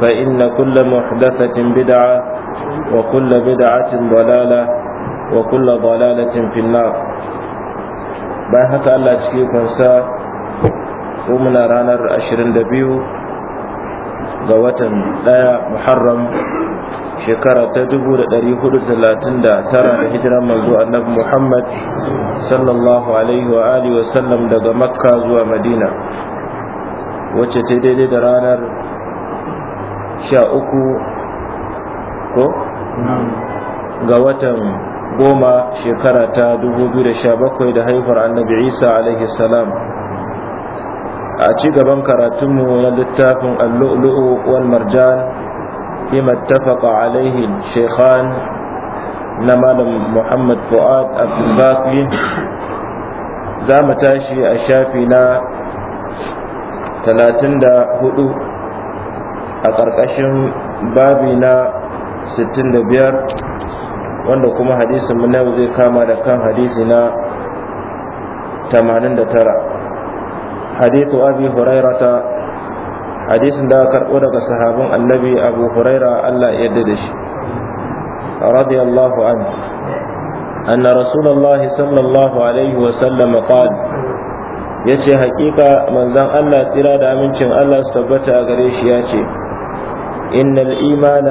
فإن كل محدثة بدعة وكل بدعة ضلالة وكل ضلالة في النار باهك الله تشكيكم سا ومن رانر أشرين دبيو قوة لا محرم shekara ta dubu da ɗari hudu talatin da tara da hijiran manzo annabi Muhammad sallallahu alaihi wa sallam daga Makka zuwa Madina wacce ta daidai da ranar sha uku ko ga watan goma shekara ta dubu biyu da sha bakwai da haifar annabi isa alaihi salam a ci gaban karatunmu na littafin allu'ulu'u wal marjan fi mattafaqa alaihi shekhan na malam muhammad fu'ad abdulbaki za mu tashi a shafi na talatin da hudu a ƙarƙashin babi na 65 wanda kuma hadisin mu yau zai kama da kan hadisi na 89 hadithu abi hurairata hadisin da karɓo daga sahabin annabi abu huraira Allah ya da shi radiyallahu an anna رسول sallallahu alaihi wa عليه وسلم ya ce hakika manzan Allah tsira da amincin Allah su tabbata a gare shi ya ce إن الإيمان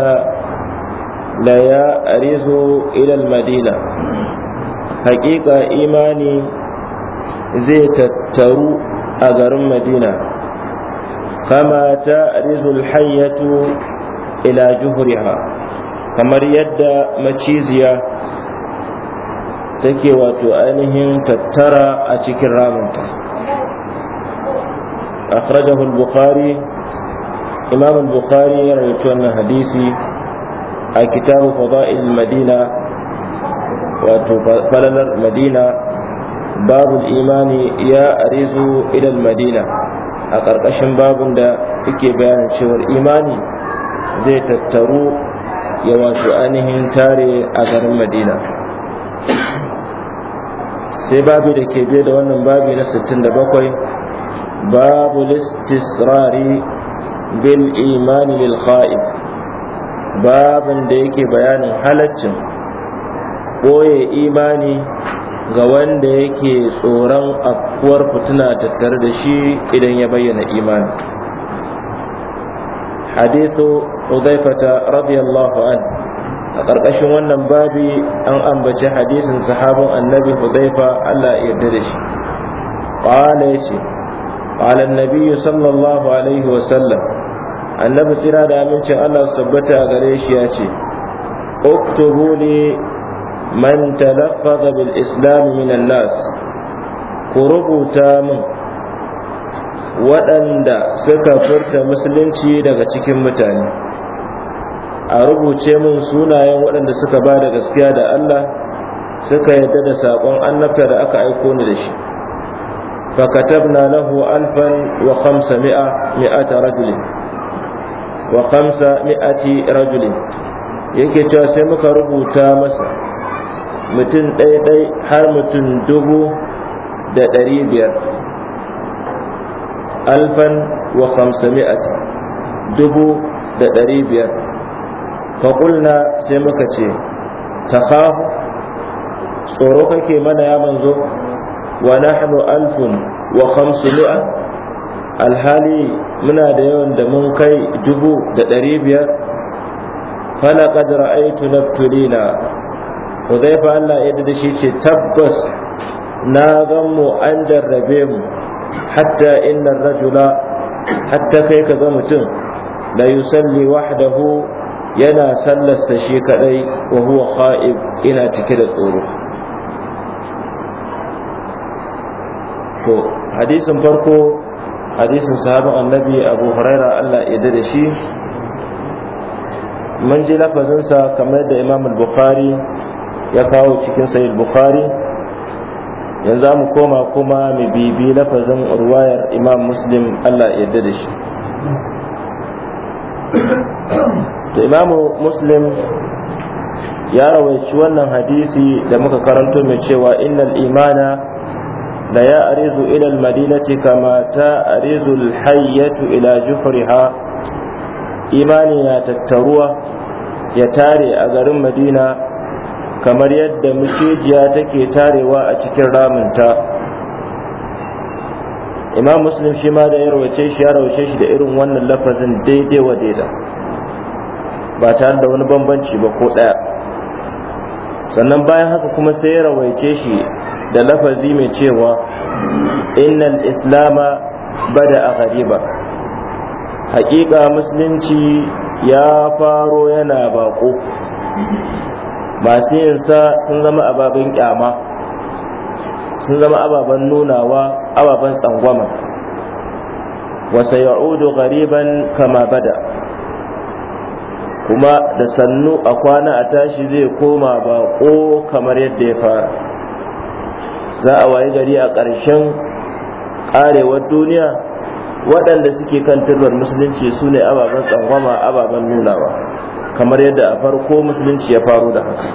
لا يأرز إلى المدينة حقيقة إيماني زي تترو أجر مدينة كما تأرز الحية إلى جهرها kamar yadda maciziya take wato ainihin tattara a cikin ramunta akhrajahu al imam bukhari ya rawaito wannan hadisi a kitabu fada'il madina wato falalar madina babu imani ya arizu ilal madina a ƙarƙashin babun da yake bayanin imani zai tattaru ya wato ainihin tare a garin madina sai babu da ke biye da wannan babi na 67 babu listisrari bil iman lil kha'ib babin da yake bayanin halaccin boye imani ga wanda yake tsoron afkuwar fitina tattare da shi idan ya bayyana imani hadithu Hudhaifata radiyallahu anhu, a ƙarƙashin wannan babi an ambaci hadisin sahabin annabi Hudhaifa Allah ya yarda da shi qala shi, qala an sallallahu alaihi wa sallam annabi tsira da amincin Allah su tabbata a gare shi ya ce uktubu li man talaffaza bil islam min nas ku rubuta min waɗanda suka furta musulunci daga cikin mutane a rubuce min sunayen waɗanda suka ba da gaskiya da Allah suka yadda da saƙon annabta da aka aiko ni da shi فكتبنا له ألفا وخمسمائة مائة رجل wa khamsa mi'ati rajulin yake cewa sai muka rubuta masa mutum ɗaiɗai har mutum dubu da ɗari biyar alfan wa Kamsa mi'ati dubu da ɗari biyar faƙulna sai muka ce ta tsoro kake mana ya manzo wa nahnu alfun wa Kamsa mi'a alhali muna da yawan da mun kai dubu da ɗari biyar na qad ra'aytu nabtulina Allah ya da shi ce tabbas na gan mu an jarrabe mu hatta inna rajula hatta kai ka ga mutum la yusalli wahdahu yana sallarsa shi kadai wa huwa kha'ib ina cike da tsoro to hadisin farko hadisin sahabin annabi abu huraira allah ya da shi mun ji lafazinsa kamar da imam bukhari ya kawo cikin sahih bukhari yanzu mu koma kuma mu bibi lafazin ruwayar imam muslim allah ya da shi da imam muslim ya rawaici wannan hadisi da muka karanto mai cewa innal imana Da ya arizu ilal madinati kama ta'ridu al-hayyatu ila juhriha imani na tattaruwa ya tare a garin madina kamar yadda mucijiya take tarewa a cikin raminta imam muslim shi ma da ya rawace shi ya rawace shi da irin wannan lafazin daidai wa daida ba tare da wani bambanci ba ko ɗaya sannan bayan haka kuma sai ya rawace shi da lafazi mai cewa innal islama bada a ghariba haƙiƙa musulunci ya faro yana bako. masu yinsa sun zama ababen kyama sun zama ababen nunawa ababen tsangwama wasa ya'udu ghariban kama bada kuma da sannu a kwana a tashi zai koma bako kamar yadda ya fara za a waye gari a ƙarshen arewar duniya waɗanda suke kan turbar musulunci su ne ababen tsangwama ababen nunawa kamar yadda a farko musulunci ya faru da haka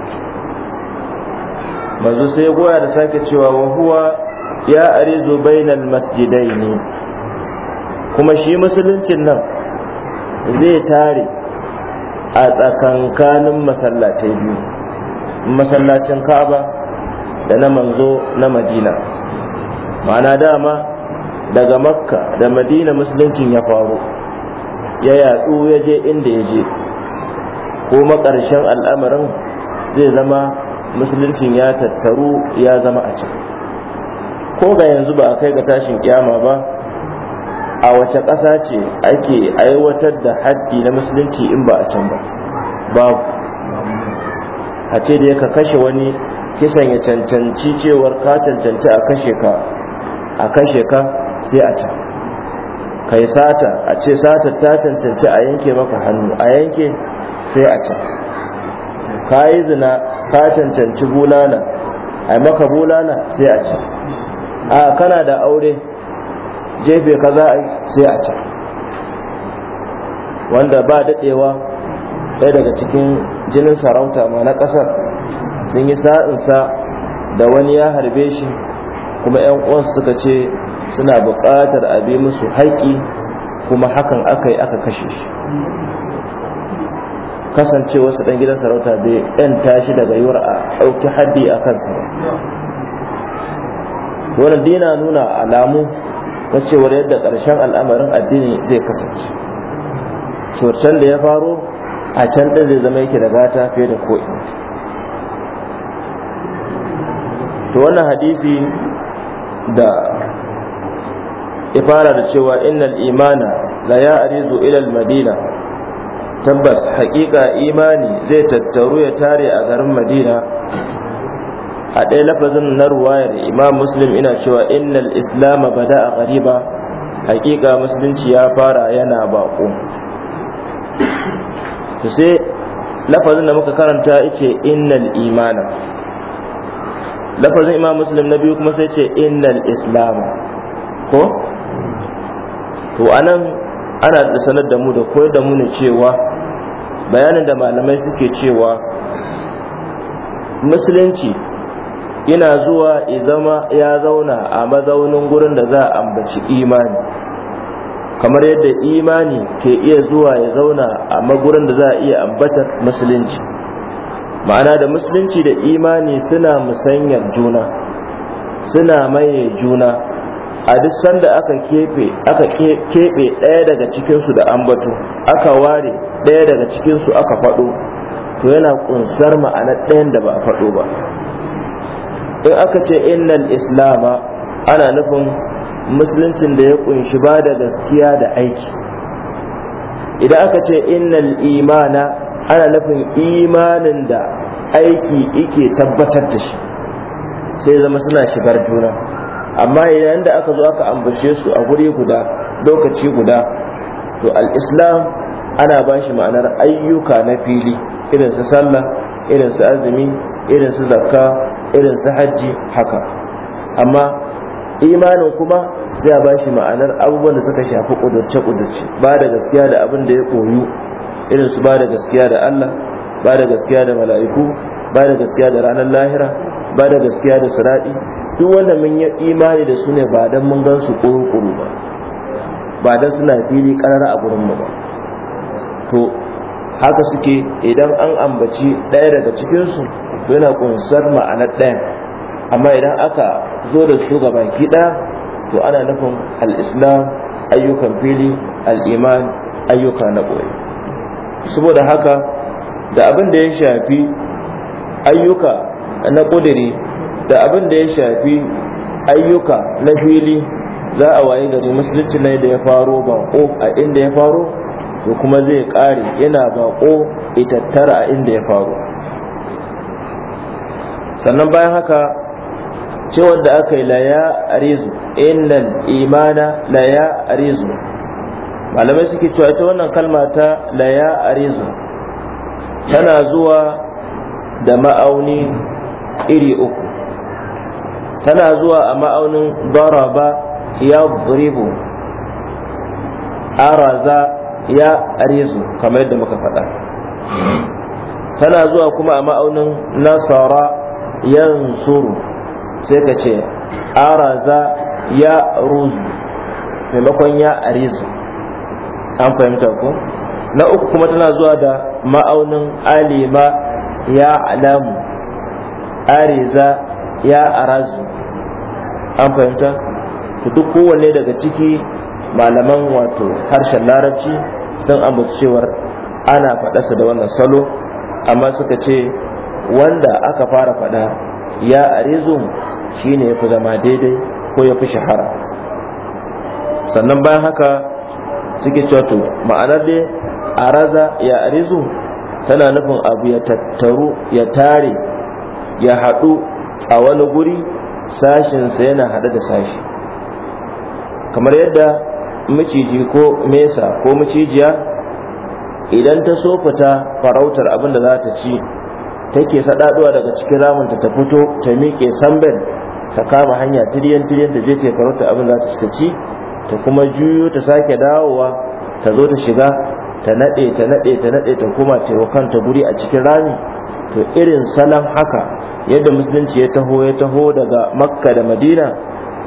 manzo sai goya da sake cewa wa huwa ya arizu bainal masjidai ne kuma shi musuluncin nan zai tare a tsakankanin masallatai biyu masallacin ka'aba da na manzo na madina ma'ana dama daga makka da madina musuluncin ya faru ya yatsu ya je inda ya je kuma ƙarshen al'amarin zai zama musuluncin ya tattaru ya zama a can ko ga yanzu ba a kai ga tashin kyama ba a wace ƙasa ce ake aiwatar da haddi na musulunci in ba a can ba babu a ce da ya kashe wani kisan ya cancanci cewar ka cancanci a kashe ka a kashe ka sai a can kai sata a ce sata ta cancanci a yanke maka hannu a yanke sai a can ka yi zina ka cancanci bulala a maka bulala sai a can a kana da aure jefe ka za a sai a can wanda ba daɗewa ɗaya daga cikin jinin sarauta ma na ƙasar sun yi sa'insa da wani ya harbe shi kuma 'yan uwansu suka ce suna buƙatar a bi musu haƙi kuma hakan aka yi aka kashe shi kasance wasu ɗan gidan sarauta bai ɗan tashi daga yiwuwar a ɗauki haddi a kansa wani dina nuna alamu na cewar yadda ƙarshen al'amarin addini zai kasance cewar da ya faro a can ɗin zai zama yake da gata fiye da ko'ina to wannan hadisi da ifara da cewa innal imana la ya'rizu ila al-madina tabbas haƙiƙa imani zai tattaru ya tare a garin madina a ɗaya lafazin na ruwayar imam muslim ina cewa innal islam bada a gariba haƙiƙa musulunci ya fara yana baƙo to sai lafazin da muka karanta ice innal imana lafazin imam muslim na biyu kuma sai ce innal islam ko to anan ana da sanar da mu da koyar da mu ne cewa bayanin da malamai suke cewa musulunci yana zuwa zama ya zauna a mazaunin gurin da za a ambaci imani kamar yadda imani ke iya zuwa ya zauna a magurin da za a iya ambatar musulunci ma'ana da musulunci da imani suna musanyar juna suna maye juna a duk sanda aka keɓe aka kebe ɗaya daga cikinsu da ambato aka ware ɗaya daga cikinsu aka faɗo to yana ƙunsar ma'anar ɗayan da ba a faɗo ba in aka ce innal islama ana nufin musuluncin da ya kunshi ba da gaskiya da aiki idan aka ce innal imana ana nufin imanin da aiki yake tabbatar da shi sai zama suna shigar juna amma yayin da aka zo aka ambace su a guri guda lokaci guda to al-islam ana ba shi ma'anar ayyuka na fili irin su sallah irin su azumi irin su zakka irin su hajji haka amma imanin kuma sai a ba shi ma'anar abubuwan da suka shafi kudurce-kudurce ba da gaskiya da abin da ya koyu irin su ba da gaskiya da Allah ba da gaskiya da mala'iku ba da gaskiya da ranar lahira ba da gaskiya da sirati duk wanda mun yi imani da su ne ba dan mun gan su kurukuru ba ba dan suna fili karara a gurin mu ba to haka suke idan an ambaci ɗaya daga cikin su to yana kunsar ma'anar ɗaya amma idan aka zo da su ga baki ɗaya to ana nufin al-islam ayyukan fili al-iman ayyuka na ɓoye saboda haka da abin da ya shafi ayyuka na ƙudiri da abin da ya shafi ayyuka na fili za a waye gari musulunci ne da ya faro bako a inda ya faro to kuma zai ƙare yana bako itattara a inda ya faro sannan bayan haka cewar da aka yi la ya arizu innal imana la ya arizu malamai suke cewa ita wannan kalma ta la ya arizu tana zuwa da ma'auni iri uku tana zuwa a ma'aunin daraba ya buribu araza ya arizu kamar yadda muka faɗa tana zuwa kuma a ma'aunin nasara yan suru sai ka ce araza ya ruzu maimakon ya arizu an fahimta ko na uku kuma tana zuwa da ma'aunin alima ya alamu ariza ya arazu an fahimta duk kowanne daga ciki malaman wato harshen larabci sun ambaci cewar ana faɗasa da wannan salo amma suka ce wanda aka fara faɗa ya arizu shine ya fi zama daidai ko ya fi shahara sannan bayan haka suke cewa ma'anar dai araza ya arizu tana nufin abu ya tattaru ya tare ya haɗu a wani guri sashinsa yana haɗe da sashi kamar yadda miciji ko mesa ko macijiya idan ta so fita farautar abin da za ta ci take saɗaɗuwa daga cikin ramunta ta fito ta miƙe sambel ta kama hanya tiriyan tiriyan da zai ce farautar abin da za ta ci ta kuma juyo ta sake dawowa ta zo ta shiga ta naɗe ta naɗe ta naɗe ta kuma taimakon ta guri a cikin rami to irin salon haka yadda musulunci ya taho ya taho daga makka da madina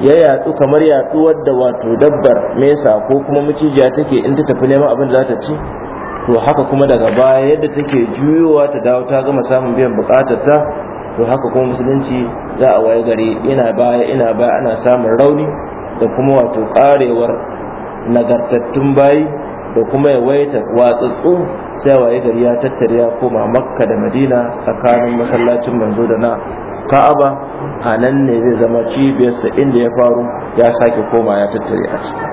ya yatsu kamar yatsuwar da wato dabbar mesa ko kuma macijiya take in ta tafi neman abin da za ta ci to haka kuma daga baya yadda take juyowa ta dawo ta gama samun biyan bukatar ta to haka kuma musulunci za a waye gari ina baya ina baya ana samun rauni da kuma wato karewar nagartattun bayi da kuma yawaita watsatsu sai waye gari ya tattare ya koma makka da madina tsakanin masallacin manzo da na ka'aba a nan ne zai zama cibiyarsa inda ya faru ya sake koma ya tattare a ciki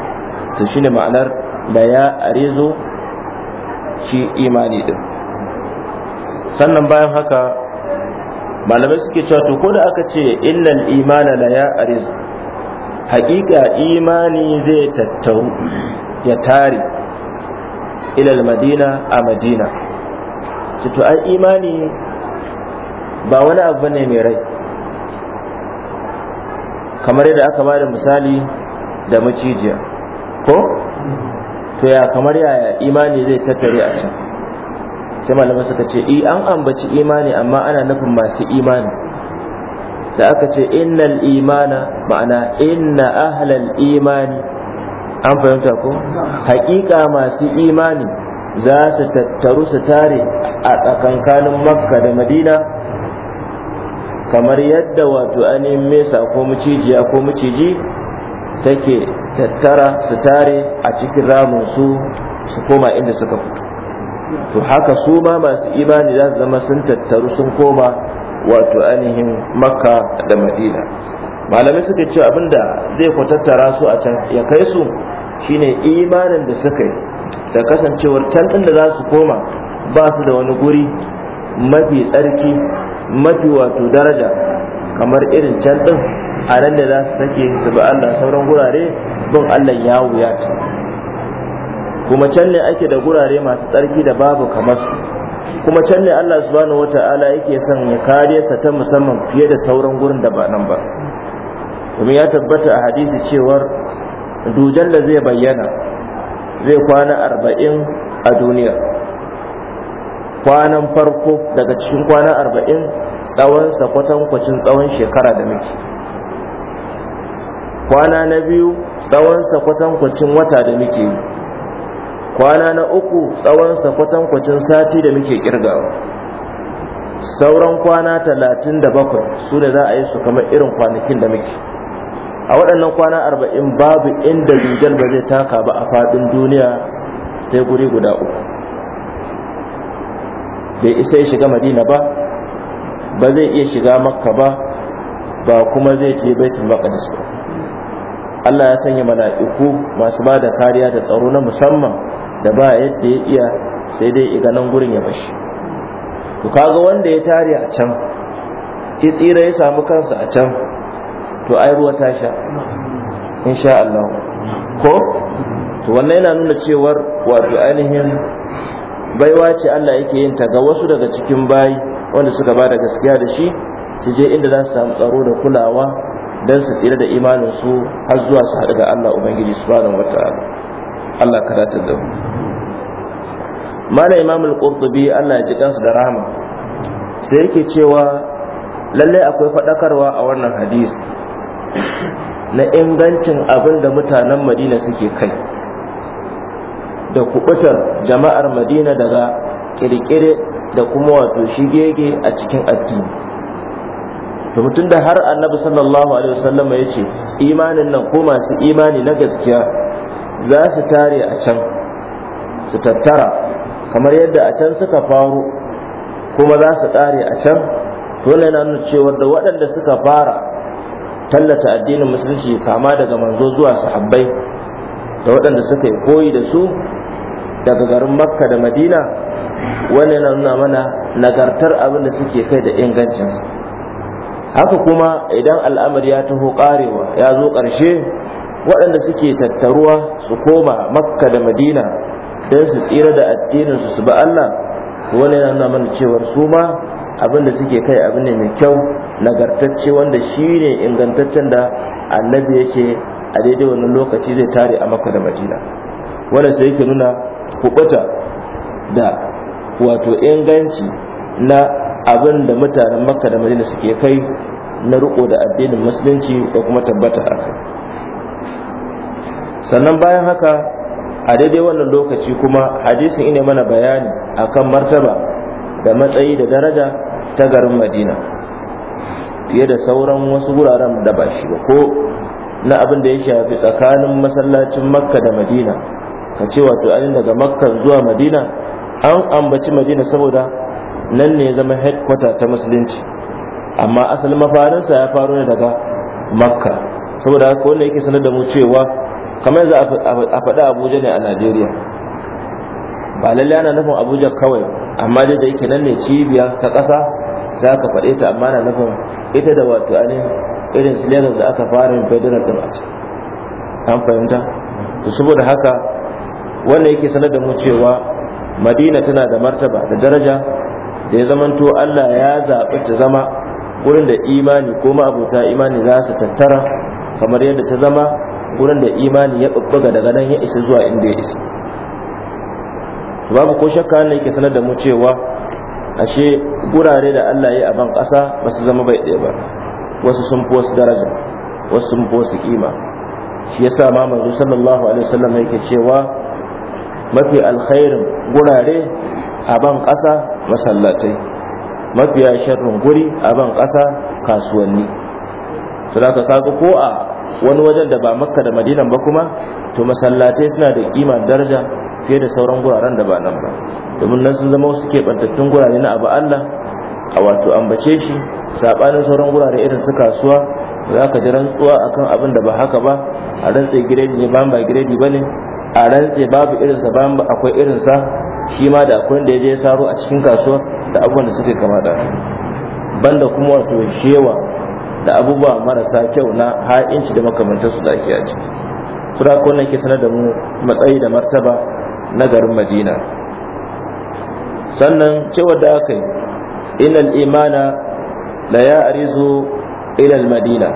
to shine ma'anar da ya arezo shi imani din sannan bayan haka malamai suke cewa to ko da aka ce innal imana la ya ariz haƙiƙa imani zai tattau ya tare ilal madina a madina cito an imani ba wani abu ne mai rai kamar yadda aka ba da misali da macijiya ko to ya kamar yaya imani zai tattare a can sai malama suka ce i eh, an ambaci imani amma ana nufin masu imani da aka ce innal imana ma'ana inna ahlal imani an fahimta ko haƙiƙa masu imani za su tattaru su tare a tsakankanin makka da madina kamar yadda wato ainihin mesa ko mucijiya ko muciji take tattara su tare a cikin ramin su su koma inda suka fito to haka su ma masu imani za su zama sun tattaru sun koma wato ainihin makka da madina malamai suka ce abinda zai kwatattara su a can ya kai su shine imanin da suka yi da kasancewar can din da za su koma ba su da wani guri mafi tsarki mafi wato daraja kamar irin can din a nan da za su sake su ba Allah sauran gurare bin Allah ya wuya ce kuma can ne ake da gurare masu tsarki da babu kamar su kuma can ne Allah subhanahu wata'ala yake son ya sa ta musamman fiye da sauran gurin da ba nan ba domin ya tabbata a hadisi cewar dujan da zai bayyana zai kwana arba'in a duniya kwanan farko daga cikin kwana arba'in tsawon kwacin tsawon shekara da muke kwana na biyu tsawon kwacin wata da muke yi kwana na uku tsawonsa kwatankwacin sati da muke kirgawa sauran kwana talatin da bakwai su da za a yi su kamar irin kwanakin da muke a waɗannan kwana arba'in babu inda rigar ba zai taka ba a faɗin duniya sai guri guda uku bai isa ya shiga madina ba ba zai iya shiga makka ba ba kuma zai je baitul maqdis ba Allah ya sanya mala'iku masu ba da kariya da tsaro na musamman da ba yadda ya iya sai dai iga nan gurin ya bashi to kaga wanda ya tare a can ya tsira ya samu kansa a can to ai ruwa ta sha insha Allah ko to wannan yana nuna cewar wato ainihin baiwa ce Allah yake yin ta ga wasu daga cikin bayi wanda suka ba da gaskiya da shi su je inda za su samu tsaro da kulawa don su tsira da imanin su har zuwa su haɗu ga Allah Ubangiji subhanahu wataala Allah ka datar da mu mana imam al-qurtubi Allah ya ji kansu da rahama sai yake cewa lallai akwai fadakarwa a wannan hadisi na ingancin abin da mutanen madina suke kai da kubutar jama'ar madina daga kirkire da kuma wato shigege a cikin addini to mutum da har annabi sallallahu alaihi wasallam ya ce imanin nan ko masu imani na gaskiya za su tare a can su tattara kamar yadda a can suka faru kuma za su tare a can dole na nuna cewa da waɗanda suka fara tallata addinin musulunci kama daga manzo zuwa sahabbai da waɗanda suka yi koyi da su daga garin makka da madina wani na nuna mana nagartar abin da suke kai da ingancinsa haka kuma idan al'amari ya taho karewa ya zo ƙarshe waɗanda suke tattaruwa su koma makka da madina don su tsira da addininsu su ba Allah wani yana mana cewar su ma abin da suke kai abin ne mai kyau nagartacce wanda shi ne ingantaccen da annabi ya ce a daidai wani lokaci zai tare a makka da madina wanda sai yake nuna kubuta da wato inganci na abin da mutanen makka da madina suke kai na riko da addinin musulunci da kuma tabbata a sannan bayan haka a daidai wannan lokaci kuma hadisin ina mana bayani akan martaba da matsayi da daraja ta garin madina fiye da sauran wasu wuraren da ba shi ba ko na abin da ya shafi tsakanin masallacin makka da madina ka ce wato ainihin daga makka zuwa madina an ambaci madina saboda nan ne ya zama headquarter ta musulunci amma asalin mafarinsa ya faro ne daga makka saboda haka wanda yake sanar da mu cewa kamar za a faɗa abuja ne a najeriya ba lalle ana nufin abuja kawai amma da yake nan ne cibiya ta ƙasa za ka faɗe ta amma na nufin ita da wato ainihin irin su da aka fara yin federal ɗin a an fahimta to saboda haka wannan yake sanar da mu cewa madina tana da martaba da daraja da ya zamanto allah ya zaɓi ta zama gurin da imani ko ma'abuta imani za su tattara kamar yadda ta zama wurin da imani ya babbaga daga nan ya isa zuwa inda ya isa babu ko shakka ne yake sanar da mu cewa ashe gurare da Allah ya a ban ƙasa ba su zama bai ɗaya ba wasu sun fi wasu daraja wasu sun fi wasu kima shi yasa ma manzo sallallahu alaihi wasallam yake cewa mafi alkhairin gurare a ban ƙasa masallatai mafiya sharrin guri a ban ƙasa kasuwanni sadaka kaga ko a wani wajen da ba makka da madinan ba kuma to masallatai suna da kima daraja fiye da sauran guraren da ba nan ba domin nan sun zama wasu keɓantattun gurare na abu allah a wato ambace shi saɓanin sauran gurare irin su kasuwa za ka ji rantsuwa akan abin da ba haka ba a rantse giredi ne ba ba giredi ba ne a rantse babu irinsa ba akwai irinsa shi ma da akwai da ya je saro a cikin kasuwa da abubuwan da suke kama da banda kuma wato shewa da abubuwa marasa kyau na ha'inci da makamantarsu da ake aji su da ke sanar da mu matsayi da martaba na garin madina sannan cewar da aka yi inal imana la ya arizo ilal madina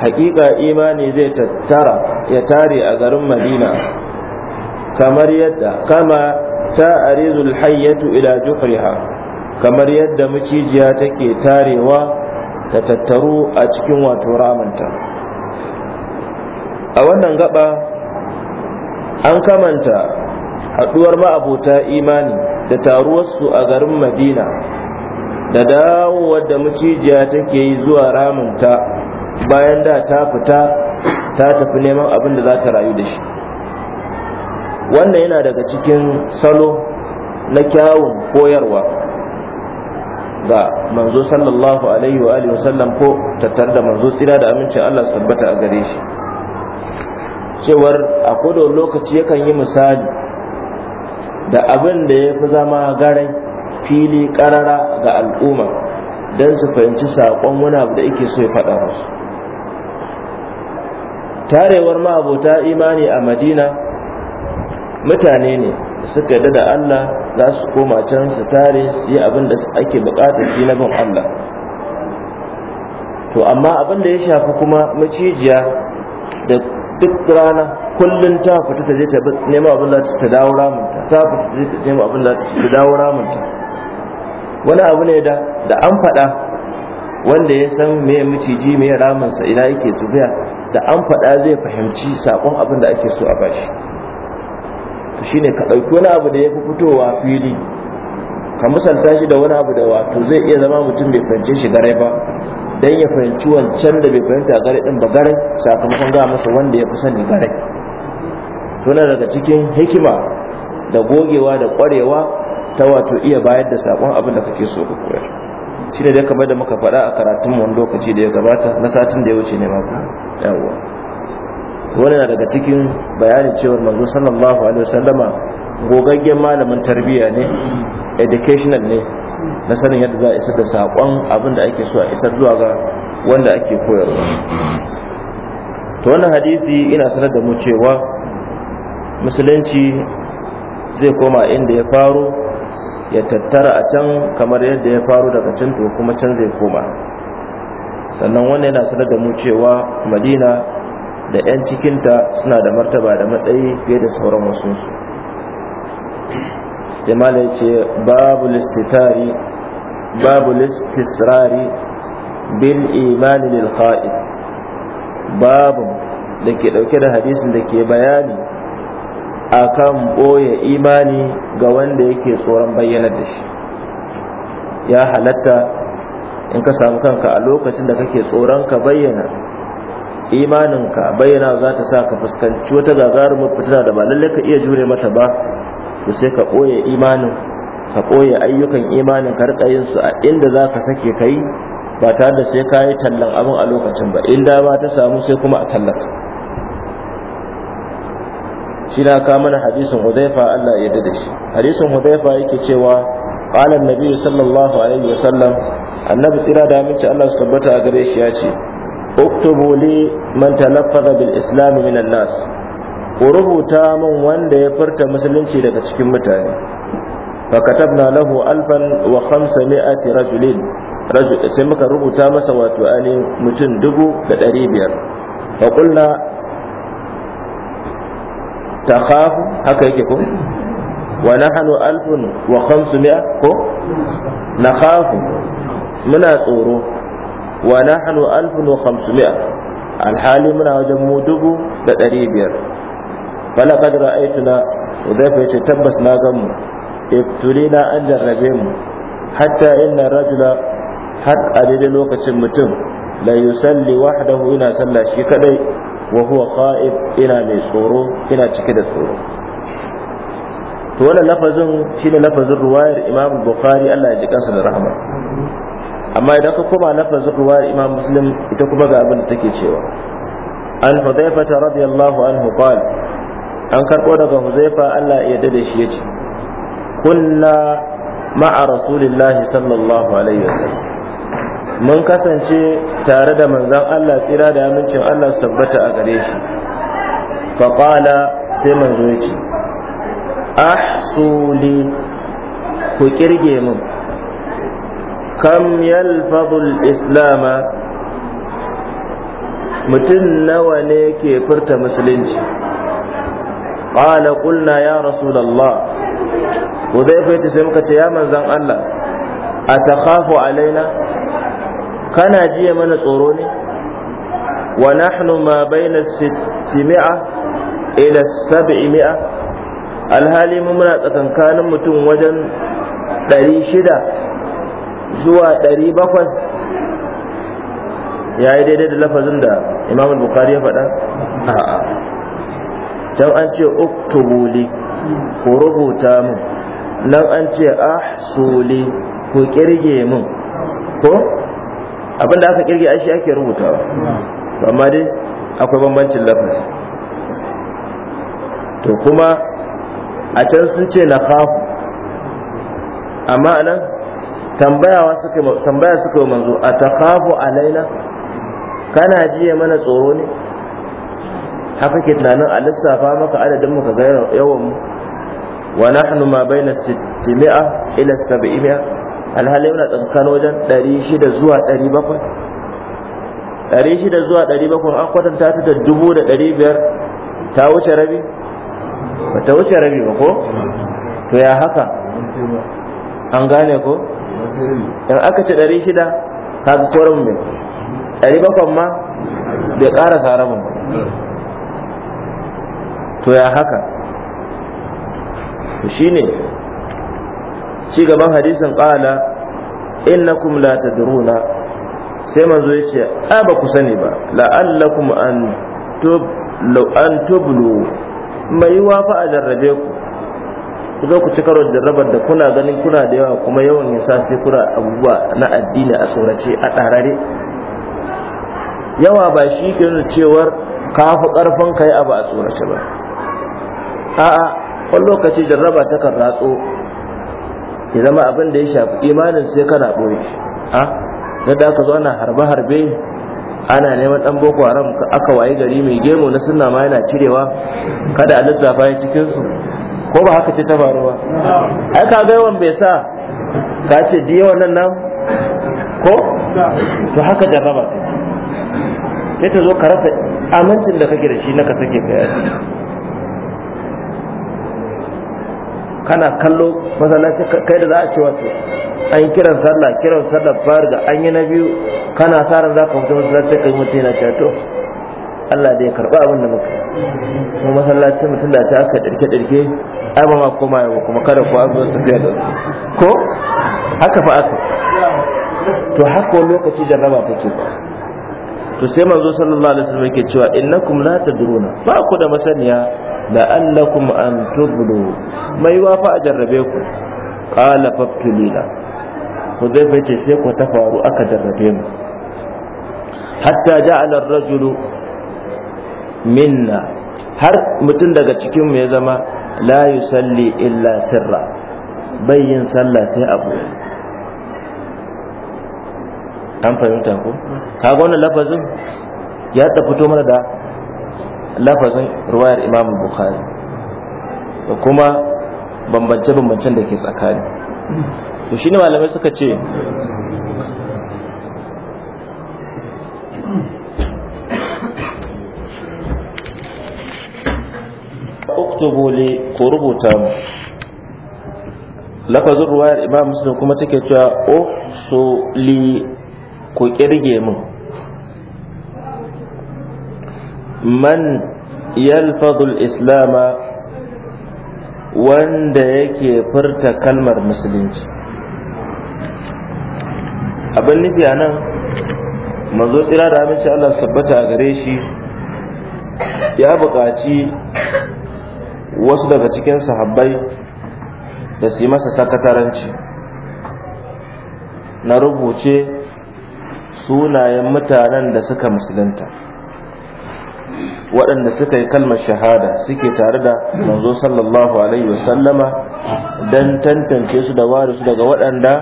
hakika imani zai tattara ya tare a garin madina kamar yadda kama ta arizul hayyatu ila juhriha kamar yadda macijiya take tarewa ta tattaru a cikin wato ramanta a wannan gaba an kamanta haɗuwar ma'abota imani da taruwarsu a garin madina da dawowar da macijiya take yi zuwa ramanta bayan da ta fita ta tafi neman abin da za ta rayu da shi wannan yana daga cikin salo na kyawun koyarwa ga manzo sallallahu alaihi wa alihi wasallam ko tattare da manzo tsira da amincin Allah su tabbata a gare shi cewar a kodo lokaci yakan yi misali da abin da ya fi zama garai fili karara ga al'umma don su fahimci saƙon wani abu da yake so ya faɗa musu tarewar ma'abota imani a madina mutane ne suka yarda da Allah za su koma can su tare su yi abin da ake bukata shi na bin Allah to amma abin da ya shafi kuma macijiya da duk rana kullum ta fita ta je ta nema abin da ta dawo ramunta ta fita ta je ta nema abin da ta dawo ramunta wani abu ne da da an faɗa wanda ya san me miciji me ramunsa ina yake tafiya da an faɗa zai fahimci sakon abin da ake so a bashi to shine ka ɗauki wani abu da ya fi fitowa fili ka misalta shi da wani abu da wato zai iya zama mutum bai fahimce shi gare ba don ya fahimci wancan da bai fahimta gare ɗin ba gare sakamakon ga masa wanda ya fi sani gare Tuna daga cikin hikima da gogewa da ƙwarewa ta wato iya bayar da saƙon abin da kake so ka koyar shine da kamar da muka faɗa a karatun wani lokaci da ya gabata na satin da ya wuce ne ma yawwa wani na daga cikin bayanin cewar manzo sallallahu alaihi wasallama gogaggen malamin tarbiyya ne educational ne na sanin yadda za a isar da saƙon abin da ake so a isar zuwa ga wanda ake koyarwa to wannan hadisi ina sanar da mu cewa musulunci zai koma inda ya faro ya tattara a can kamar yadda ya faro daga can to kuma can zai koma sannan wannan yana sanar da mu cewa madina da 'yan cikinta suna da martaba da matsayi fiye da sauran wasu su. jamala ya ce babu listitari babu listisrari bil imani lil babu da ke dauke da hadisin da ke bayani a kan boye imani ga wanda yake tsoron bayyana da shi ya halatta in ka samu kanka a lokacin da kake tsoron ka bayyana imaninka bayyana za ta sa ka fuskanci wata gagarumar fitina da ba lallai ka iya jure mata ba to sai ka koye imanin ka koye ayyukan imanin ka rika yin su a inda za ka sake ka yi ba tare da sai ka yi tallan abin a lokacin ba in ba ta samu sai kuma a tallata shi na ka mana hadisin hudaifa Allah ya yarda da shi hadisin hudaifa yake cewa qala an sallallahu alaihi wasallam annabi tsira da aminci Allah su tabbata a gare shi ya ce uktubu li man talaffaza bil islam minan nas ku rubuta min wanda ya furta musulunci daga cikin mutane fa katabna lahu alfan wa khamsami'ati rajulin sai muka rubuta masa wato ani mutum dubu da dari biyar fa kulna takhafu haka yake ko wa nahnu alfun wa mi'a ko nakhafu muna tsoro wa nahnu alfun wa alhali muna wajen mu dubu da ɗari biyar kad ra'aytuna Hudayfa yace tabbas na ganmu mu ibtulina an jarrabe mu hatta inna rajula har a daidai lokacin mutum la yusalli wahdahu ina sallah shi kadai wa huwa qa'ib ina mai tsoro ina cike da tsoro to wannan lafazin shine lafazin ruwayar Imam Bukhari Allah ya ji kansa da rahama amma idan ka koma lafazin ruwa imam muslim ita kuma ga abin da take cewa an ta radiyallahu anhu qala an karbo daga huzaifa Allah ya dade shi yace kunna ma'a rasulillahi sallallahu alaihi wasallam mun kasance tare da manzon Allah tsira da amincin Allah su tabbata a gare shi qala sai manzo yace ahsuli ku kirge mun kam yalfadul islama mutum nawa ne ke furta musulunci qala qulna ya Ku zai yace sai muka ce ya manzon Allah atakhafu alaina kana jiya mana tsoro ne wa nahnu ma baina 600 ila 700 alhali mun muna tsakankanin mutum wajen ɗari shida. zuwa ɗari bakwai ya yi daidai da lafazin da imam bukhari ya faɗa a'a can an ce oktoboli ku rubuta min nan an ce ahsuli ku kirge min ko abin da aka kirge ai shi ake rubutawa amma dai akwai bambancin lafazi to kuma a can sun ce na khafu amma anan tambaya suka yi manzo a ta kafo a alaina kana jiye mana tsoro ne haka ke tunanin a lissafa maka adadin mu ka ga yawan mu wa nahnu ma baina 600 ila 700 alhali muna tsakanin wajen 600 zuwa 700 600 zuwa 700 an kwatanta ta da 1500 ta wuce rabi ba ta wuce rabi ba ko to ya haka an gane ko in aka ce ɗari shida ka ga koren mai ɗari bakwan ma bai ƙara sarabin ba to ya haka to shine shi gaban hadisin ƙala innakum la tadruna sai manzo ya ce a ba ku sani ba la'allakum an tub an tublu mai wafa a jarrabe ku ku zo ku ci karo jarrabar da kuna ganin kuna da yawa kuma yawan yasa sai kuna abubuwa na addini a tsorace a tarare yawa ba shi ke nuna cewar ka fi karfin kai abu a tsorace ba a'a wani lokaci jarraba ta kan ratso ya zama abin da ya shafi imanin sai kana boye shi a yadda aka zo ana harbe-harbe ana neman dan boko haram aka wayi gari mai gemu na sunna ma yana cirewa kada a lissafa cikin su ko ba haka ce ta faru ba ai ka ga yawan bai sa ka ce di yawan nan ko to haka ba. sai ta zo ka rasa amincin da kake da shi na ka sake kai kana kallo masallaci kai da za a ce wato an yi kiran sallah kiran sallah fari ga an yi na biyu kana sa ran za ka fito masallaci kai mutum yana cewa to Allah da ya karɓa abin da muka ce mutum da ta aka ɗarke ɗarke ai ba ma koma yau kuma kada ku an zo tafiya da su ko haka fa aka to haka wani lokaci jarraba ta ce to sai manzo sallallahu alaihi wasallam yake cewa innakum la tadruna ba ku da masaniya la'allakum an tublu mai wafa a jarrabe ku qala fabtulina ku zai fice sai ku ta faru aka jarrabe mu hatta ja'ala ar-rajulu minna har mutum daga cikin mu ya zama la yusalli illa sirra bai yin sallah sai abu. an fahimta ko Ka wannan lafazin ya ta fito mana da lafazin ruwayar Imam Bukhari da kuma bambance-bambancen da ke tsakani to shine malamai suka ce uktubu li ku rubuta mu lafazin ruwayar imam muslim kuma take cewa uhsu li ku kirge min man yalfadul islama wanda yake furta kalmar musulunci abin nufi a nan manzo tsira da amince Allah sabbata a gare shi ya buƙaci wasu daga cikin sahabbai da su yi masa sakataranci na rubuce sunayen mutanen da suka musulunta waɗanda suka yi kalmar shahada suke tare da manzo sallallahu alaihi wasallama don tantance su da ware su daga waɗanda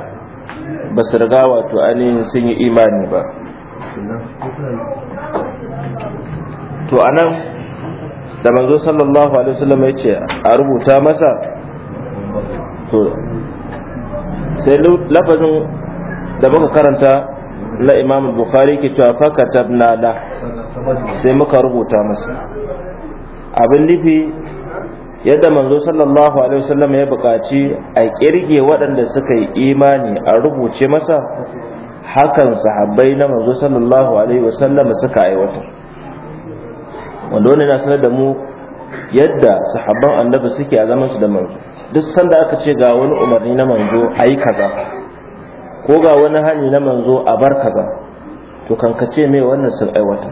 ba su riga wato ainihin sun yi imani ba to anan da manzo sallallahu alaihi wasallam ya ce a rubuta masa to sai lafazin da muka karanta na imam bukhari ke cewa fa katabna da sai muka rubuta masa abin nufi yadda manzo sallallahu alaihi wasallam ya buƙaci a kirge waɗanda suka yi imani a rubuce masa hakan sahabbai na manzo sallallahu alaihi wasallam suka aiwatar wanda wani na sanar da mu yadda sahabban annabi suke a zaman da manzo duk sanda aka ce ga wani umarni na manzo yi kaza ko ga wani hani na manzo a bar kaza to kankace mai wannan sun aiwata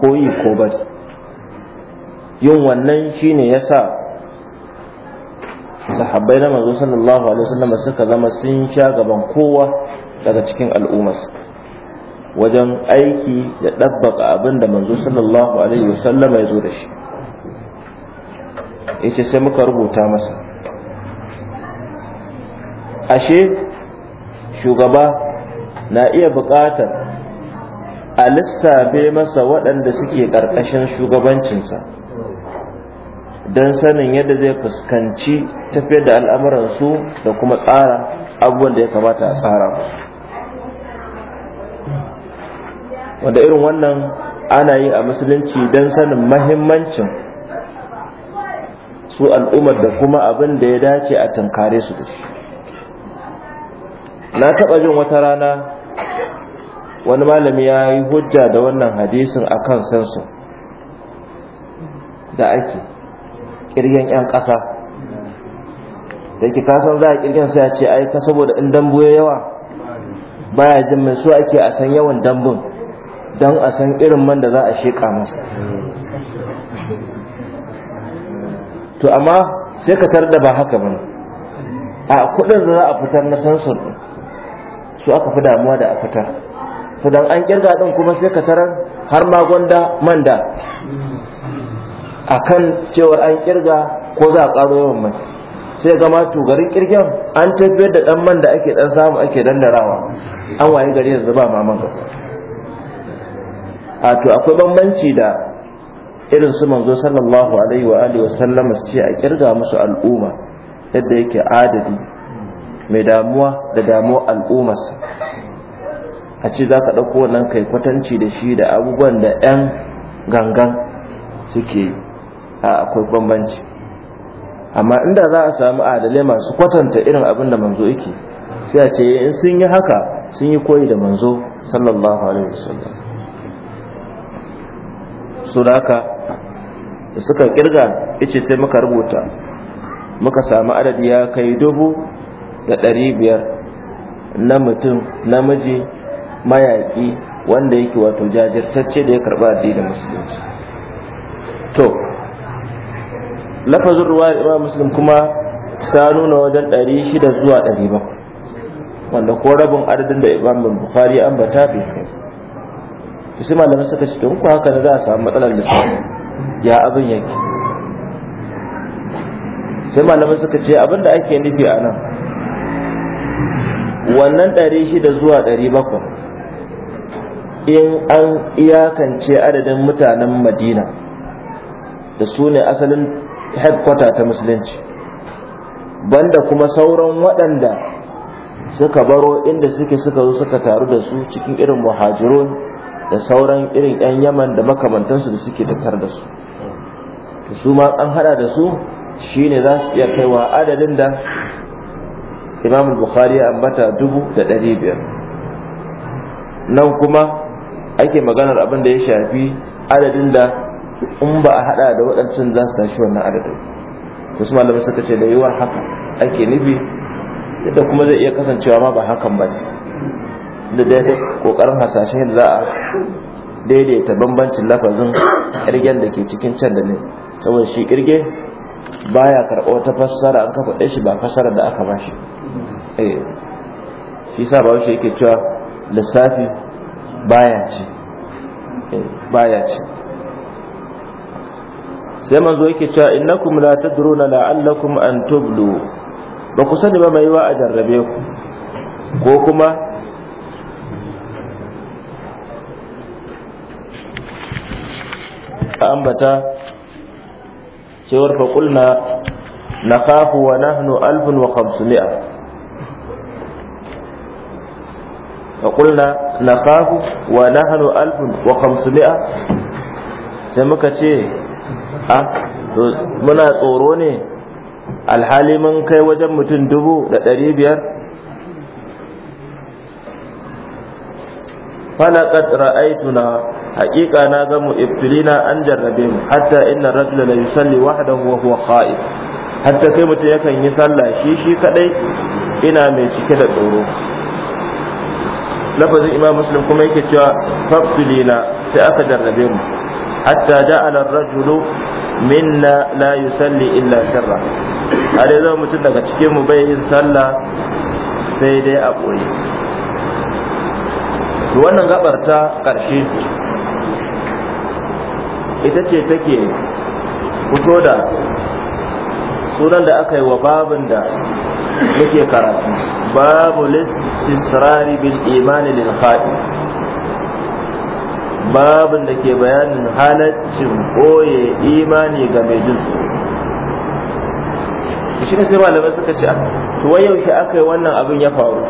ko yi ko bari yin wannan shine yasa sahabbai na manzo sallallahu alaihi wasallam suka zama sun sha gaban kowa daga cikin al'ummarsu wajen aiki da ɗabbaka abin da manzo sallallahu alaihi wasallama ya zo da shi ya ce sai muka rubuta masa ashe shugaba na iya buƙatar a lissafe masa waɗanda suke ƙarƙashin shugabancinsa don sanin yadda zai fuskanci tafiyar da al'amuran su da kuma tsara abubuwan da ya kamata a tsara musu wanda irin wannan ana yi a musulunci don sanin mahimmancin su al'ummar da kuma abin da ya dace a tankare su da shi na taɓa jin wata rana wani malami ya yi hujja da wannan hadisin a kan sansu da ake ƙirgen 'yan ƙasa da ki kasan za a ƙirgen sai a ce aika saboda in dambu ya yawa baya jin mai so ake a san yawan dambun don a san irin man da za a sheƙa masa to amma sai ka tar da ba haka ba a kuɗin za a fitar na sansu su aka fi damuwa da a fitar su don an kirga din kuma sai ka tarar har magwanda gwanda man da a kan cewar an kirga ko za a ƙaro yawan mai sai gama to garin kirgen an tafiyar da dan man da ake dan samu ake dandarawa an waye gari yanzu ba maman gaba a to akwai bambanci da irin su manzo sallallahu alaihi wa alihi wa sallama su ce a kirga musu al'umma yadda yake adadi mai damuwa da damuwa su a ce za ka ɗauko wannan kai kwatanci da shi da abubuwan da 'yan gangan suke a akwai bambanci amma inda za a samu adalai masu kwatanta irin abin da manzo yake sai a ce in sun yi haka sun yi koyi da manzo sallallahu alaihi wa sallam sunaka da da suka kirga ice sai muka rubuta muka samu adadi ya kai dubu da ɗari biyar na mutum namiji mayaƙi wanda yake wato jajirtacce da ya karɓa addinin musulunci to lafazin ruwa imam musulun kuma ta nuna wajen ɗari shida zuwa ɗari ba wanda ko rabin adadin da imam bukhari an bata bai kai sai malamai suka ce to ku haka ne za a samu matsalar lissafi ya abin yake sai malamai suka ce abin da ake nufi a nan wannan ɗari shida zuwa ɗari bakwai in an iyakance adadin mutanen madina da su ne asalin headquarter ta musulunci banda kuma sauran waɗanda suka baro inda suke suka zo suka taru da su cikin irin muhajirun da sauran irin 'yan yaman da makamantansu da suke tattar da su su ma an hada da su shine za su iya kaiwa adadin da imam bukhari ya ambata dubu da ɗari biyar nan kuma ake maganar abin da ya shafi adadin da in ba a hada da waɗancan za su tashi wannan adadin wasu malamai suka ce da yiwuwar haka ake nufi yadda kuma zai iya kasancewa ma ba hakan ba ne da daidai kokarin hasashen za a daidaita bambancin lafazin kirgen da ke cikin can da ne saboda shi kirge baya karɓo ta fassara an kafa ɗaya shi ba fassara da aka bashi eh shi sa ba shi yake cewa lissafi baya ce eh, baya ce sai manzo yake cewa innakum la tadruna la'allakum an tublu ba ku sani ba mai wa a jarrabe ku ko kuma ka ambata cewar fa na kafu wa nahnu alfun wa khamsumi'a fa na kafu wa nahnu alfun wa khamsumi'a sai muka ce a muna tsoro ne alhali mun kai wajen mutum dubu da ɗari biyar falakat ra'aituna Hakika na ga mu ibtilina an jarrabe mu hatta inna rajula la yusalli wahdahu wa huwa qa'id hatta kai mutum yakan yi sallah shi shi kadai ina mai cike da tsoro lafazin imam muslim kuma yake cewa fafsilina sai aka jarrabe mu hatta ja'ala ar-rajulu minna la yusalli illa sirra har yanzu mutum daga cikin mu bai yin sallah sai dai a koyi wannan gabar ta ƙarshe ita ce take fito da sunan da aka yi wa babin da muke karatu babu lissirari bil imani lil khadi babin da ke bayanin halaccin boye imani ga mai jin shi ne sai malamai suka ce to wai yaushe aka yi wannan abin ya faru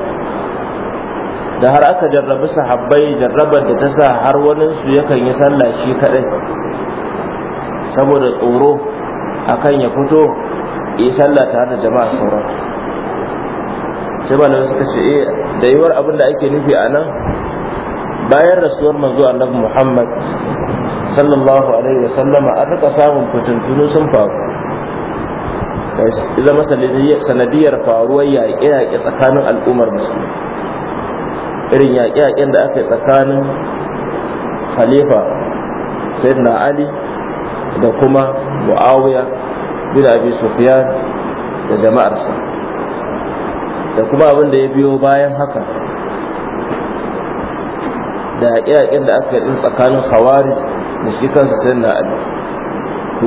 da har aka jarrabi sahabbai jarrabar da ta sa har su yakan yi sallah shi kaɗai saboda tsoro akan ya fito yi sallah tare da jama'a sauran sai malamai suka ce eh da yiwuwar abin da ake nufi a nan bayan rasuwar manzo annabi Muhammad sallallahu alaihi wasallama an rika samun fitintunu sun faru zama sanadiyar faruwar yaƙe-yaƙe tsakanin al'ummar musulmi irin yaƙe-yaƙen da aka yi tsakanin khalifa sayyidina ali da kuma muawiya bin abi sufyan da jama'arsa da kuma abin da ya biyo bayan haka da yaƙe da aka yi tsakanin hawari da shi kansa sai na ali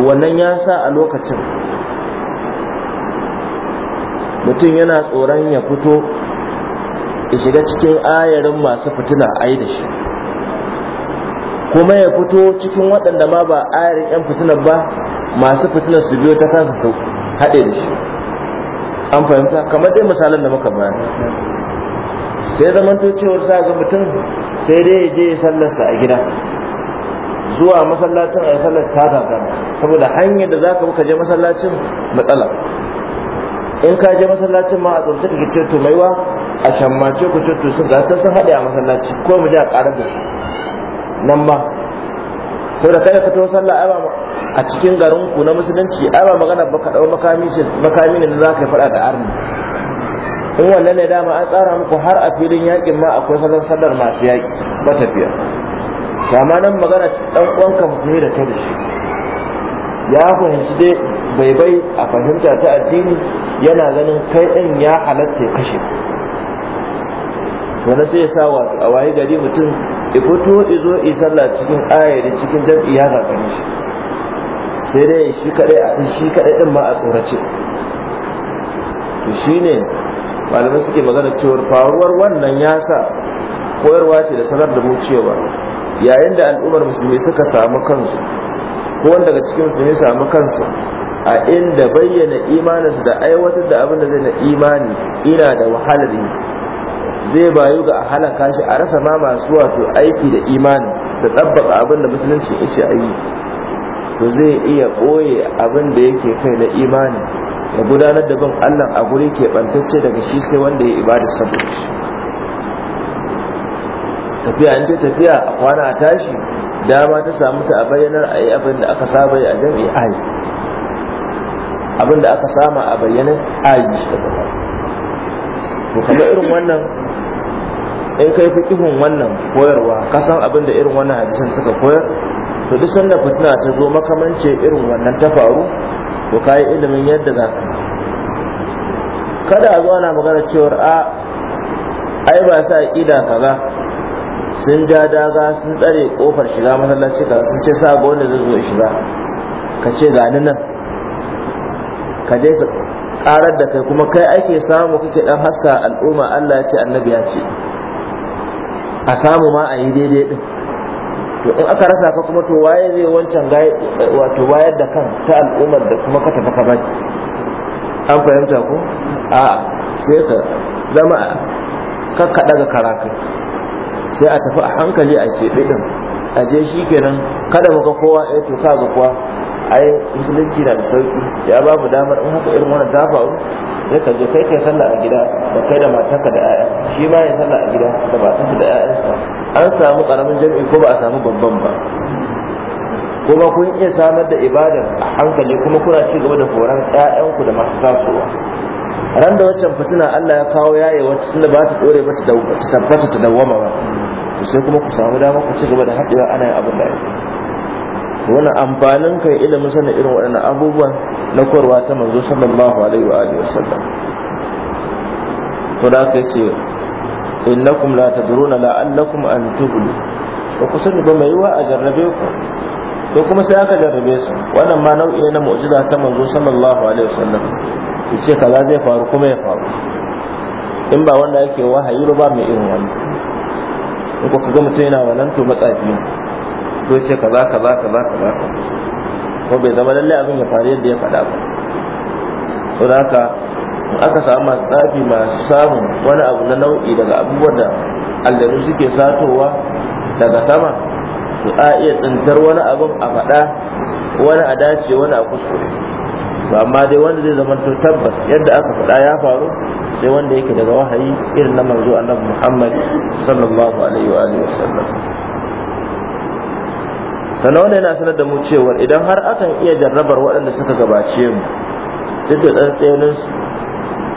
wannan ya sa a lokacin mutum yana tsoron ya fito ya shiga cikin ayarin masu fitina a yi da shi kuma ya fito cikin waɗanda ma ba ayarin 'yan fitinar ba masu fitinar su biyo ta kasa su haɗe da shi an fahimta kamar dai misalan da muka bayar sai zaman to cewar sa ga mutum sai dai ya je sallarsa a gida zuwa masallacin a sallar ta gagara saboda hanyar da zaka muka je masallacin matsala in ka je masallacin ma a tsorci ka ce to maiwa a shammace ku ce to sun ga ta sun haɗe a masallaci ko mu je a ƙarar da su nan ma ko da ka to sallah ai ba a cikin garin ku na musulunci ai ba magana ba ka dau makami makami ne za ka faɗa da arni in wannan ne dama an tsara muku har a filin yakin ma akwai sallar sallar masu yaki ba tafiya to amma nan magana dan ka ne da ta da shi ya fahimci dai bai bai a fahimta ta addini yana ganin kai din ya halatta ya kashe Wani sai ya sa wa a waye gari mutum ifoto izo yi sallah cikin ayari cikin jam'i ya gagare shi sai dai shi kadai a shi kadai din ma a tsorace to shine malamai suke magana cewa faruwar wannan ya sa koyarwa ce da sanar da mu cewa yayin da al'ummar musulmi suka samu kansu ko wanda daga cikin musulmi samu kansu a inda bayyana imaninsu da aiwatar da abin da zai na imani ina da wahalar yi zai bayu ga a halaka shi a rasa ma masu wato aiki da imani da tsabbaka abin da musulunci ya ce ayi to zai iya ɓoye abin da yake kai na imani da gudanar da bin Allah a guri ke bantacce daga shi sai wanda ya ibada saboda shi tafiya in ce tafiya a kwana a tashi dama ta samu ta a bayyanar a yi abin da aka saba yi a ayi abin da aka sama a bayyanar ayi shi da to kamar irin wannan in kai kihun wannan koyarwa ka san abin da irin wannan hadisin suka koyar to duk sanda fitina ta zo makamance irin wannan ta faru to kai ilimin yadda za ka kada a zo ana magana cewar a ai ba sa aqida kaza sun ja daga sun tsare kofar shiga masallaci ka sun ce sa ga wanda zai zo shiga ka ce ga nan ka je karar da kai kuma kai ake samu kake dan haska al'umma Allah ya ce annabi ya ce a samu ma a yi daidai din to in aka rasa ka kuma to waye zai wancan wato wayar da kan ta al'ummar da kuma ka tafi ka bashi an fahimta ko a sai ka zama kakka daga karatu sai a tafi a hankali a ce din a je shi kenan kada mu kowa ya eh to ka ga kuwa. ai musulunci na da sauki ya ba mu damar in haka irin wannan ta faru sai ka je kai kai sallah a gida da kai da matanka da ƴaƴa shi ma ya sallah a gida da matanka da ƴaƴansa an samu karamin jami'i ko ba a samu babban ba kuma kun iya samar da ibadar a hankali kuma kuna ci gaba da horon ƴaƴanku da masu tasowa ran da waccan fitina Allah ya kawo yaye wacce tunda ba ta dore ba ta tabbata ta dawwama ba sai kuma ku samu dama ku ci gaba da haɗewa ana yin abin da ake wani amfanin kai ilimin sanin irin waɗannan abubuwan na korwa ta manzo sallallahu alaihi wa alihi wasallam to da aka ce innakum la tadruna annakum an tublu ko kusa sani ba mai wa a jarrabe ku to kuma sai aka jarrabe su wannan ma nau'i na mu'jiza ta manzo sallallahu alaihi wasallam yace kaza zai faru kuma ya faru in ba wanda yake wahayi ba mai irin wannan in ku ga mutum yana wannan to matsafi ne ko ce kaza kaza kaza kaza ko bai zama lalle abin ya faru yadda ya faɗa ba da haka in aka samu masu tsafi masu samun wani abu na nau'i daga abubuwan da aljanu suke satowa daga sama to a iya tsintar wani abin a faɗa wani a dace wani a kuskure to amma dai wanda zai zama to tabbas yadda aka faɗa ya faru sai wanda yake daga wahayi irin na manzo annabi Muhammad sallallahu alaihi wa alihi wasallam sannan wanda yana sanar da mu cewa idan har akan iya jarrabar waɗanda suka gabace mu duk da tsayanin su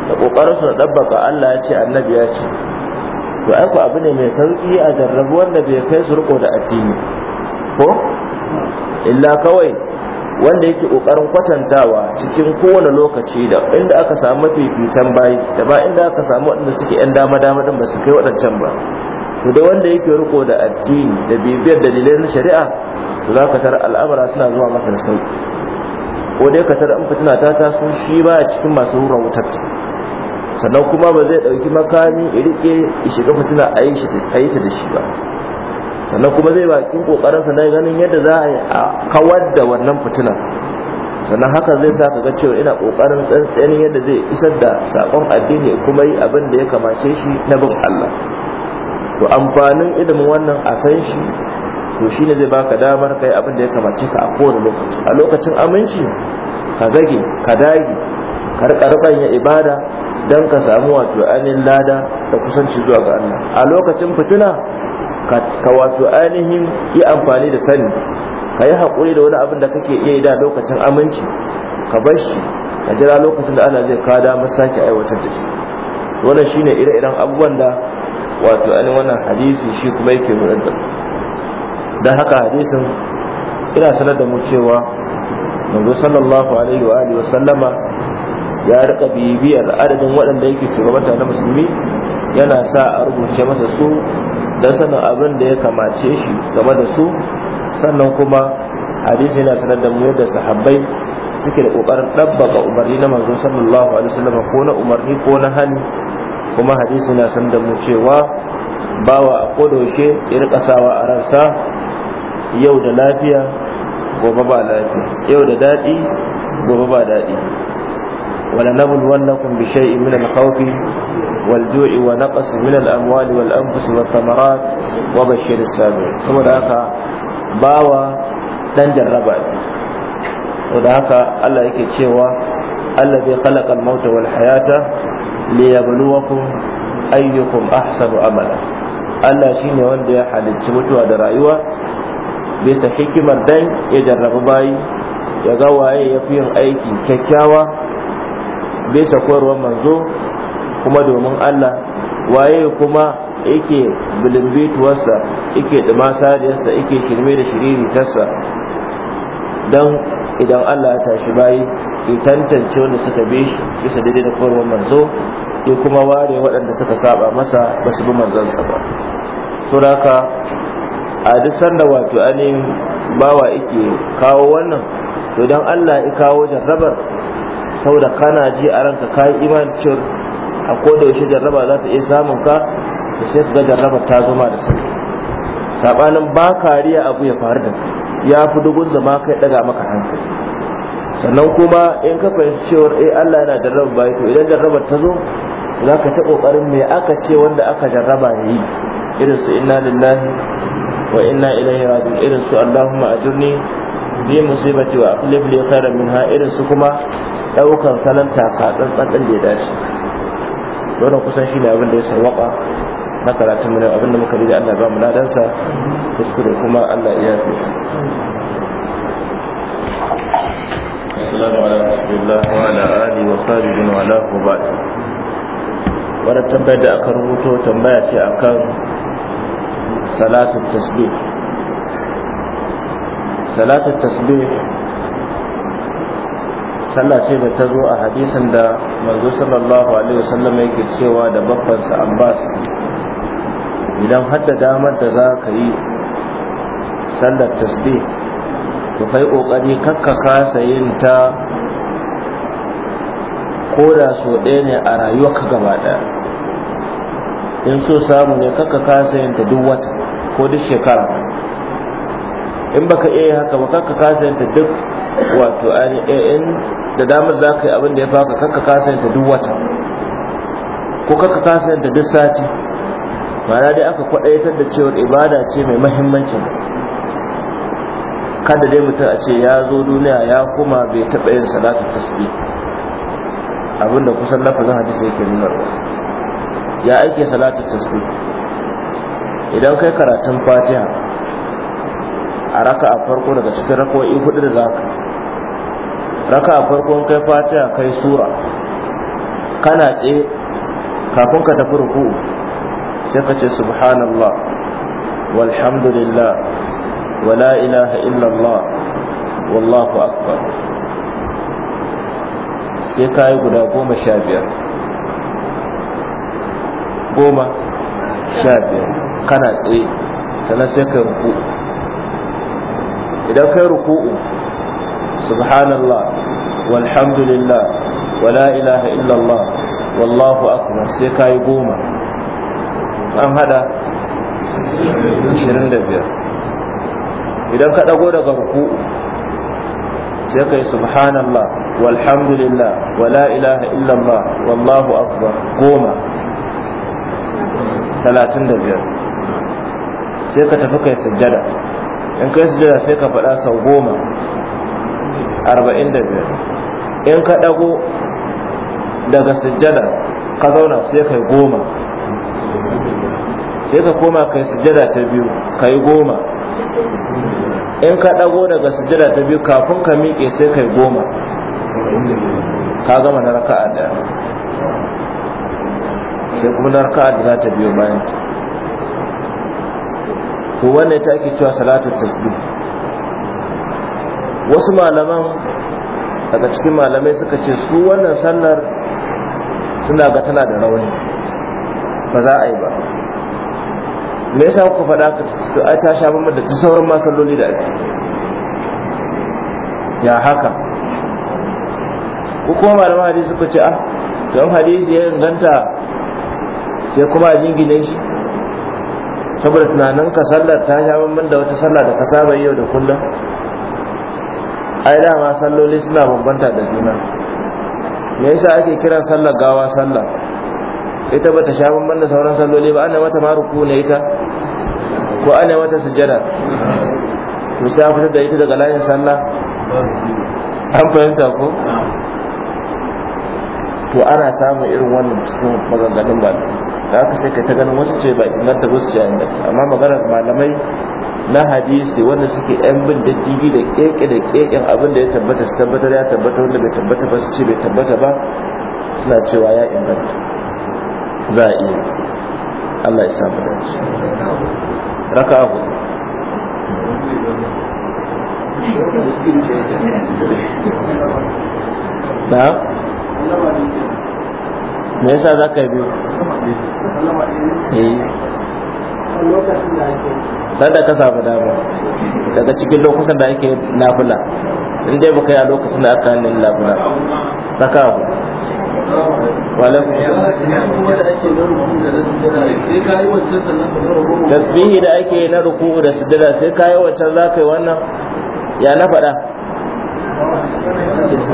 da kokarin su da dabbaka Allah ya ce annabi ya ce to ai ku abu ne mai sauki a jarrabu wanda bai kai su riko da addini ko illa kawai wanda yake kokarin kwatantawa cikin kowane lokaci da inda aka samu fifitan bayi da ba inda aka samu waɗanda suke yan dama dama din ba su kai waɗancan ba to da wanda yake riko da addini da bibiyar dalilai na shari'a to za ka tara al'amura suna zuwa masa da sauki ko dai ka tara in fituna ta taso shi ba cikin masu rura wutar sannan kuma ba zai ɗauki makami ya rike ya shiga fitina a yi ta da shi ba sannan kuma zai bakin kokarinsa na ganin yadda za a kawar da wannan fituna sannan haka zai sa ka ga cewa ina kokarin tsantsanin yadda zai isar da sakon addini kuma yi abin da ya kamace shi na bin Allah to amfanin ilimin wannan a san shi to shi ne zai baka damar kai abin da ya kamace ka a kowane lokaci a lokacin aminci ka zage ka dage ka rika rubanya ibada dan ka samu wato ainihin lada da kusanci zuwa ga Allah a lokacin fituna, ka wato ainihin yi amfani da sani ka yi haƙuri da wani abin da kake iya yi da lokacin aminci ka bar shi ka jira lokacin da Allah zai kada masa sake aiwatar da shi wannan shine ire-iren abubuwan da wato an wannan hadisi shi kuma yake nuna da dan haka hadisin ina sanar da mu cewa manzo sallallahu alaihi wa alihi sallama ya rika bibiyar adadin waɗanda yake mata na musulmi yana sa a rubuce masa su don sanin abin da ya kamace shi game da su sannan kuma hadisi yana sanar da mu yadda sahabbai suke da kokarin ɗabbaka umarni na manzo sallallahu alaihi wasallam ko na umarni ko na hani kuma hadisi na san da mu cewa bawa a kodaushe ya rika sawa a ransa yau da lafiya gobe ba lafiya yau da daɗi gobe ba daɗi wala nabul wannakum bi shay'in min al-khawf wal ju'i wa naqs min al-amwal wal anfus wa thamarat wa bashir as-sabir saboda haka bawa dan jarraba saboda haka Allah yake cewa Allah bai khalaqa al-mauta wal hayata liyabluwakum ayyukum ahsanu amala Allah shine wanda ya halicci mutuwa da rayuwa bisa hikimar dan ya jarrabi bayi ya ga waye ya fi yin aiki kyakkyawa bisa koyarwar manzo kuma domin Allah waye kuma yake bilimbituwarsa yake dumasariyarsa yake shirme da shiriri don idan Allah ya tashi bayi ya tantance wanda suka bi shi bisa daidai da kowar manzo ya kuma ware waɗanda suka saba masa ba su bi manzansa ba to haka a duk sanda wato ainihin bawa ike kawo wannan to don Allah ya kawo jarrabar saboda kana ji a ranka kayi imanin cewar a koda yaushe jarraba za ta iya samun ka da sai ga jarraba ta zama da sauki sabanin ba kariya abu ya faru da ya fi dubun zama kai daga maka hankali sannan kuma in ka fahimci cewar eh Allah yana jarraba bai to idan jarrabar ta zo za ka ta kokarin me aka ce wanda aka jarraba ne irin su inna lillahi wa inna ilaihi raji'un irin su Allahumma ajurni bi musibati wa aqlib li khairan minha irin su kuma daukan salon taka tsantsan da ya dace wannan kusan shine abin da ya sawaka na karatun mu abin da muka da Allah ba mu ladansa kuskure kuma Allah ya yafe والسلام على رسول الله وعلى آله وصحبه من والاه وبعد wani tambayar da aka rubuto tambaya ce akan salatun tasbih salatun tasbih sallah ce da ta zo a hadisin da manzo sallallahu alaihi wasallam yake cewa da babbansa abbas idan hadda damar da za ka yi sallar tasbih to kai kokari kakka kasa yin ta ko da so ɗaya ne a rayuwarka gaba ɗaya in so samu ne kakka kasa yin ta duk wata ko duk shekara in baka iya haka ba kakka kasa yin ta duk wato eh, in da damar za ka yi abin da ya faka kakka kasa yin ta duk wata ko kakka kasa yin ta duk sati ma'ana dai aka kwaɗaitar da cewar ibada ce mai mahimmancin gaske kada dai mutum a ce ya zo duniya ya kuma bai taɓa yin salatu tasbih abinda kusan lafazin hadisi yake nunarwa ya aike salatu tasbih idan kai karatun fatiha a raka a farko daga cikin rakawai hudu da za ka raka a farkon kai fatiha kai sura kana tsaye kafin ka tafi ruku sai ka ce subhanallah walhamdulillah ولا إله إلا الله والله أكبر sai ka yi guda goma sha biyar goma sha biyar kana tsaye sannan sai ka ruku idan kai ruku'u subhanallah walhamdulillah wala ilaha illallah wallahu akbar sai ka yi goma an hada 25 idan ka dago daga ruku sai kai subhanallah walhamdulillah wala ilaha illallah wallahu akbar goma talatin da biyar sai ka tafi kai sujjada in kai sujjada sai ka faɗa sau goma arba'in da biyar in ka ɗago daga sujjada ka zauna sai kai goma sai ka koma kai sujjada ta biyu kai goma in ka ɗago daga sujada ta biyu kafin ka miƙe sai kai goma ka gama na raka'a ɗaya sai kuma na raka'a da za ta biyo bayan ta to wannan ta ake cewa salatu tasbih wasu malaman daga cikin malamai suka ce su wannan sannar suna ga tana da rauni ba za a yi ba me yasa ku faɗa ka to ai ta sha bamban da ta sauran masalloli da ake ya haka ko kuma malaman hadisi suka ce ah don hadisi ya inganta sai kuma a jingine shi saboda tunanin ka sallar ta sha bamban da wata sallah da ka saba yau da kullum ai dama salloli suna bambanta da juna me yasa ake kiran sallar gawa sallah ita bata sha bamban da sauran salloli ba ana mata maruku ne ita ko ana mata sujjada to sai fitar da ita daga layin sallah an fahimta ko to ana samun irin wannan cikin maganganun ba da aka sai ka ta ganin wasu ce ba inganta wasu ce inda amma maganar malamai na hadisi wanda suke yan bin jibi da keke da keken abin da ya tabbata su tabbatar ya tabbata wanda bai tabbata ba su ce bai tabbata ba suna cewa ya inganta za a iya Allah ya samu shi. raka abu na me yasa za ka biyu eh. sanda ka samu dama daga cikin lokutan da ake nafula in dai baka yi a lokacin da aka hannun labuna na kawo tasbihi da ake na ruku da sidira sai ka yi wancan za ka yi wannan ya na faɗa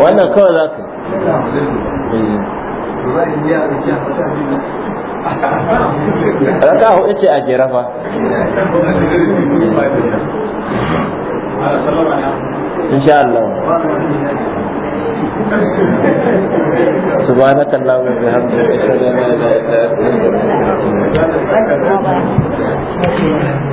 wannan kawai za ka yi raka hau ce a jerafa شاء الله سبحانك اللهم وبحمدك اشهد ان لا اله الا انت